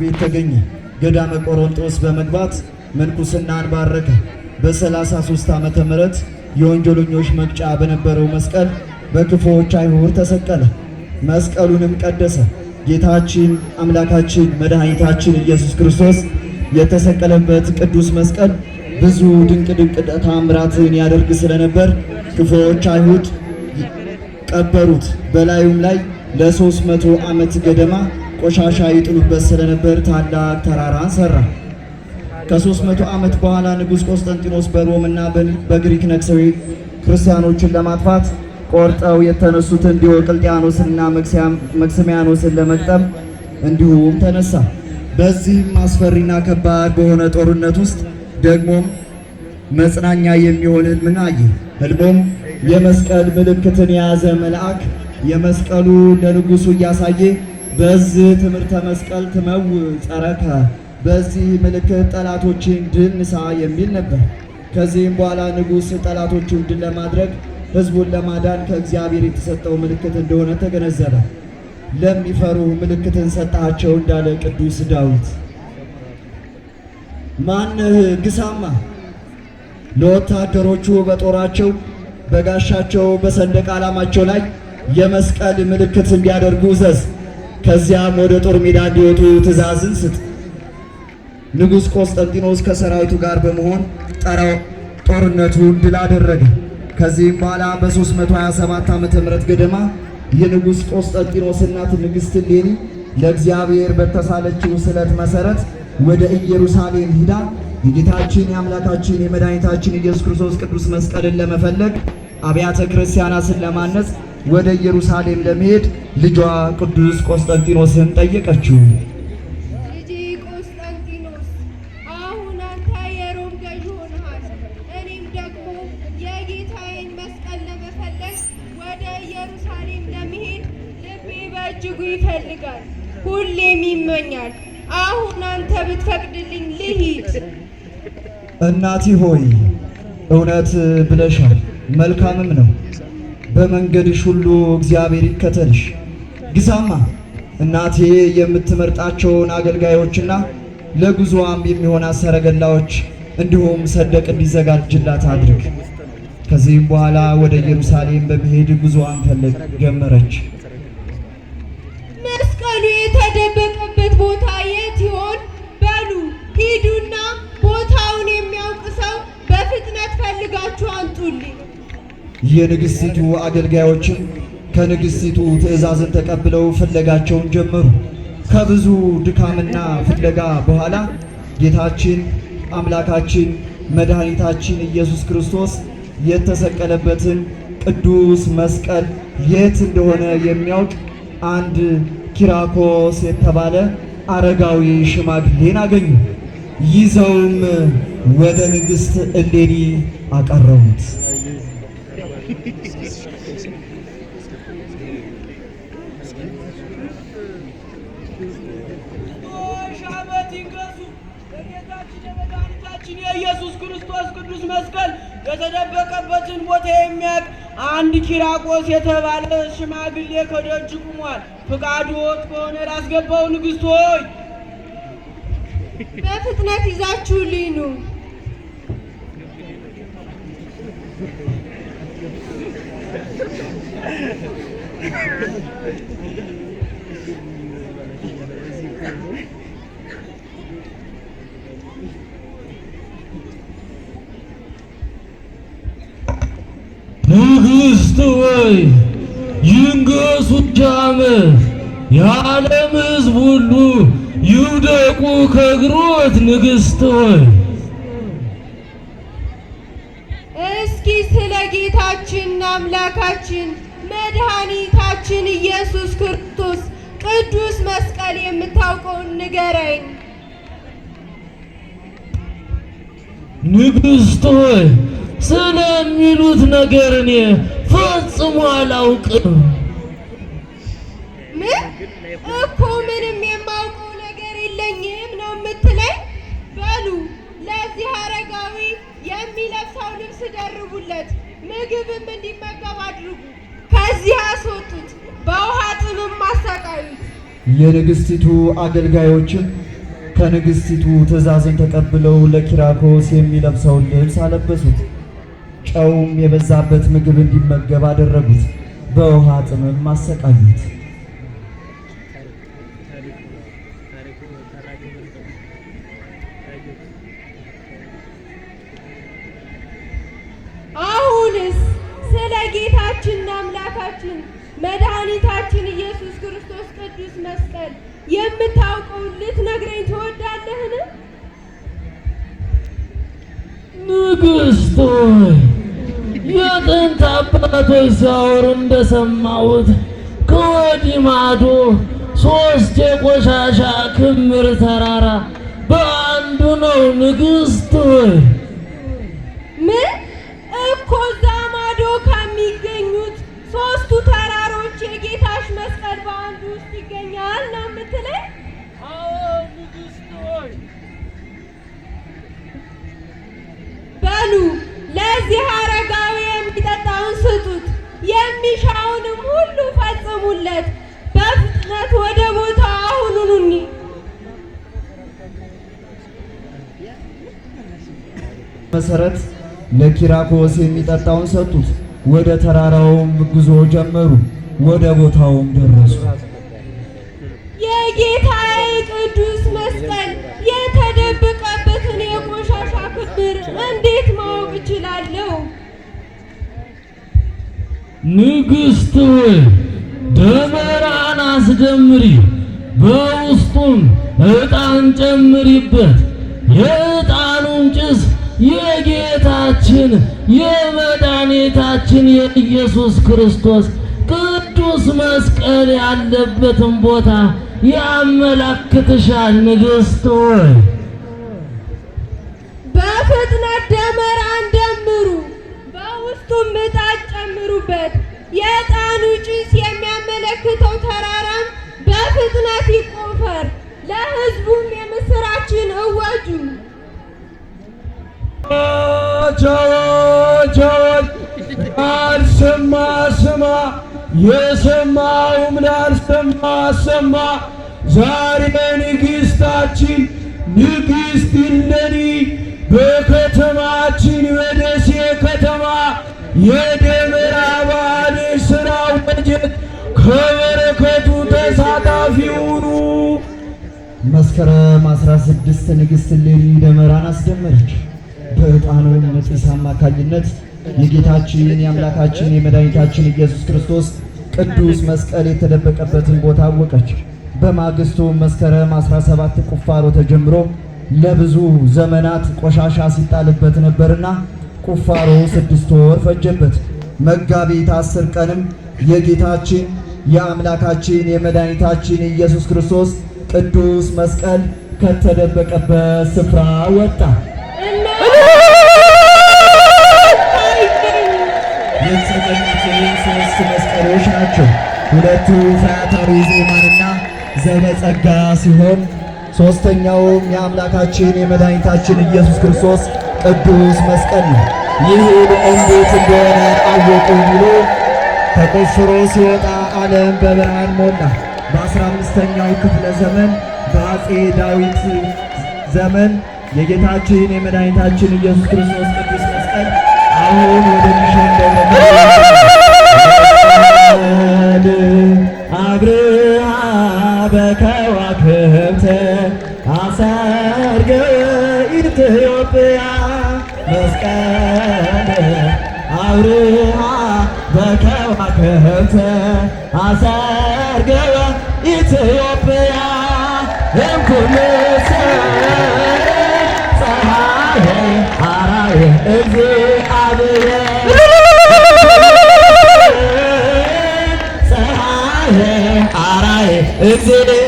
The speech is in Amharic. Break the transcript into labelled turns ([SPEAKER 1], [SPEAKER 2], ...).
[SPEAKER 1] ቤት ተገኘ። ገዳመ ቆሮንጦስ በመግባት ምንኩስናን ባረከ። በ33 ዓመተ ምህረት የወንጀለኞች መቅጫ በነበረው መስቀል በክፉዎች አይሁድ ተሰቀለ። መስቀሉንም ቀደሰ። ጌታችን አምላካችን መድኃኒታችን ኢየሱስ ክርስቶስ የተሰቀለበት ቅዱስ መስቀል ብዙ ድንቅ ድንቅ ታምራትን ያደርግ ስለነበር ክፉዎች አይሁድ ቀበሩት። በላዩም ላይ ለሦስት መቶ ዓመት ገደማ ቆሻሻ ይጥሉበት ስለነበር ታላቅ ተራራን ሰራ። ከ ከ300 ዓመት በኋላ ንጉሥ ቆስጠንጢኖስ በሮም እና በግሪክ ነግሰው ክርስቲያኖችን ለማጥፋት ቆርጠው የተነሱትን ዲዮቅልጥያኖስንና መክስሚያኖስን ለመቅጠም እንዲሁም ተነሳ። በዚህም አስፈሪና ከባድ በሆነ ጦርነት ውስጥ ደግሞም መጽናኛ የሚሆን ሕልምን አየ። ህልሞም የመስቀል ምልክትን የያዘ መልአክ የመስቀሉ ለንጉሱ እያሳየ በዚህ ትምህርተ መስቀል ትመው ጸረከ፣ በዚህ ምልክት ጠላቶችን ድል ንሳ የሚል ነበር። ከዚህም በኋላ ንጉሥ ጠላቶቹን ድል ለማድረግ ሕዝቡን ለማዳን ከእግዚአብሔር የተሰጠው ምልክት እንደሆነ ተገነዘበ። ለሚፈሩ ምልክትን ሰጣቸው እንዳለ ቅዱስ ዳዊት። ማንህ ግሳማ ለወታደሮቹ በጦራቸው በጋሻቸው በሰንደቅ ዓላማቸው ላይ የመስቀል ምልክት እንዲያደርጉ ዘዝ ከዚያም ወደ ጦር ሜዳ እንዲወጡ ትእዛዝን ስጥ። ንጉሥ ቆስጠንጢኖስ ከሰራዊቱ ጋር በመሆን ጦርነቱን ድል አደረገ። ከዚህም በኋላ በ327 ዓመተ ምህረት ገደማ የንጉሥ ቆስጠንጢኖስ እናት ንግሥት እሌኒ ለእግዚአብሔር በተሳለችው ስለት መሰረት ወደ ኢየሩሳሌም ሂዳ የጌታችን የአምላካችን የመድኃኒታችን ኢየሱስ ክርስቶስ ቅዱስ መስቀልን ለመፈለግ አብያተ ክርስቲያናትን ለማነጽ ወደ ኢየሩሳሌም ለመሄድ ልጇ ቅዱስ ቆስጠንጢኖስን ጠየቀችው። ልጄ ቆስጠንጢኖስ አሁን አንተ የሮም ገዥ ሆነሃል፣ እኔም ደግሞ የጌታዬን መስቀል ለመፈለግ ወደ ኢየሩሳሌም ለመሄድ ልቤ በእጅጉ ይፈልጋል፣ ሁሌም ይመኛል። አሁን አንተ ብትፈቅድልኝ ልሂድ። እናቴ ሆይ እውነት ብለሻል፣ መልካምም ነው በመንገድሽ ሁሉ እግዚአብሔር ይከተልሽ። ግዛማ እናቴ የምትመርጣቸውን አገልጋዮችና ለጉዞዋም የሚሆን ሰረገላዎች እንዲሁም ሰንደቅ እንዲዘጋጅላት አድርግ። ከዚህም በኋላ ወደ ኢየሩሳሌም በመሄድ ጉዞዋን ፈለግ ጀመረች። መስቀሉ የተደበቀበት ቦታ የት ይሆን? በሉ ሂዱና ቦታውን የሚያውቅ ሰው በፍጥነት ፈልጋችሁ አንጡልኝ። የንግሥቲቱ አገልጋዮችም ከንግሥቲቱ ትእዛዝን ተቀብለው ፍለጋቸውን ጀመሩ። ከብዙ ድካምና ፍለጋ በኋላ ጌታችን አምላካችን መድኃኒታችን ኢየሱስ ክርስቶስ የተሰቀለበትን ቅዱስ መስቀል የት እንደሆነ የሚያውቅ አንድ ኪራኮስ የተባለ አረጋዊ ሽማግሌን አገኙ። ይዘውም ወደ ንግሥት እሌኒ አቀረቡት። ዓመት ይንገሱ በጌታችን የመድኃኒታችን የኢየሱስ ክርስቶስ ቅዱስ መስቀል የተደበቀበትን ቦታ የሚያውቅ አንድ ኪራቆስ የተባለ ሽማግሌ ከደጅ ቁሟል። ወጥ ከሆነ ላስገባው ንግሥት ሆይ
[SPEAKER 2] በፍጥነት ይዛችሁልኝ ኑ። ትዕግስት ወይ ይንገሱ ዳመት የዓለም ሕዝብ ሁሉ ይውደቁ ከእግሮት ንግሥት ወይ
[SPEAKER 3] እስኪ ስለ ጌታችን አምላካችን መድኃኒታችን ኢየሱስ ክርስቶስ ቅዱስ መስቀል የምታውቀውን ንገረኝ።
[SPEAKER 2] ንግሥት ሆይ ስለሚሉት ነገር እኔ ፈጽሞ አላውቅም።
[SPEAKER 1] የንግሥቲቱ አገልጋዮችም ከንግሥቲቱ ትእዛዝን ተቀብለው ለኪራኮስ የሚለብሰውን ልብስ አለበሱት። ጨውም የበዛበት ምግብ እንዲመገብ አደረጉት፣ በውሃ ጥምም አሰቃዩት።
[SPEAKER 3] አሁንስ ስለ ጌታችንና አምላካችን መድኃኒታችን ኢየሱስ ክርስቶስ ቅዱስ መስቀል የምታውቀውን ልትነግረኝ ትወዳለህን?
[SPEAKER 2] ንግስት ሆይ የጥንት አባቶች ሲያወሩ እንደሰማሁት ከወዲህ ማዶ ሶስት የቆሻሻ ክምር ተራራ በአንዱ ነው። ንግስት! ሆይ
[SPEAKER 3] ምን ውስጥ ይገኛል ነው የምትለኝ? አዎ ንግስት ሆይ በሉ ለዚህ አረጋዊ የሚጠጣውን ስጡት፣ የሚሻውንም ሁሉ ፈጽሙለት። በፍጥነት ወደ ቦታው አሁኑኑ
[SPEAKER 1] መሰረት ለኪራኮስ የሚጠጣውን ሰጡት። ወደ ተራራውም ጉዞ ጀመሩ። ወደ ቦታውም ደረሱ።
[SPEAKER 2] ንግሥት ሆይ ደመራን አስደምሪ፣ በውስጡም ዕጣን ጨምሪበት። የዕጣኑም ጭስ የጌታችን የመድኃኒታችን የኢየሱስ ክርስቶስ ቅዱስ መስቀል ያለበትን ቦታ ያመላክትሻል። ንግሥት ሆይ
[SPEAKER 3] በፍጥነት ደመ ሶስቱም ምጣድ ጨምሩበት። የዕጣኑ ጭስ የሚያመለክተው ተራራም በፍጥነት ይቆፈር። ለሕዝቡም የምስራችን እወጁ።
[SPEAKER 2] ቃል ስማ ስማ፣ የሰማውም ላልሰማ አሰማ። ዛሬ ንግሥታችን ንግሥት እሌኒ በከተማችን በደሴ ከተማ የደመራ አባል ሥራ ወጀት ከበረከቱ ተሳታፊ ሁኑ።
[SPEAKER 1] መስከረም አስራ ስድስት ንግሥት እሌኒ ደመራን አስደመረች። በዕጣኑ ጢስ አማካኝነት የጌታችን የአምላካችን የመድኃኒታችን ኢየሱስ ክርስቶስ ቅዱስ መስቀል የተደበቀበትን ቦታ አወቀች። በማግስቱ መስከረም 17 ቁፋሮ ተጀምሮ ለብዙ ዘመናት ቆሻሻ ሲጣልበት ነበርና ቁፋሮ ስድስት ወር ፈጀበት። መጋቢት አስር ቀንም የጌታችን የአምላካችን የመድኃኒታችን ኢየሱስ ክርስቶስ ቅዱስ መስቀል ከተደበቀበት ስፍራ ወጣ። ሶስት መስቀሎች ናቸው። ሁለቱ ፈያታዊ ዜማንና ዘበጸጋ ሲሆን ሦስተኛውም የአምላካችን የመድኃኒታችን ኢየሱስ ክርስቶስ ቅዱስ መስቀል ነው። ይህን እንዴት እንደሆነ አወቁ ብሎ ተቆፍሮ ሲወጣ ዓለም በብርሃን ሞላ። በአስራ አምስተኛው ክፍለ ዘመን በአጼ ዳዊት ዘመን የጌታችን የመድኃኒታችን ኢየሱስ ክርስቶስ ቅዱስ መስቀል አሁን ወደ ሚሸን ሰርገዋ ኢትዮጵያ እንኩን ፀሐየ ሐራየ እግዚአብሔር ፀሐየ ሐራየ እግዚአብሔር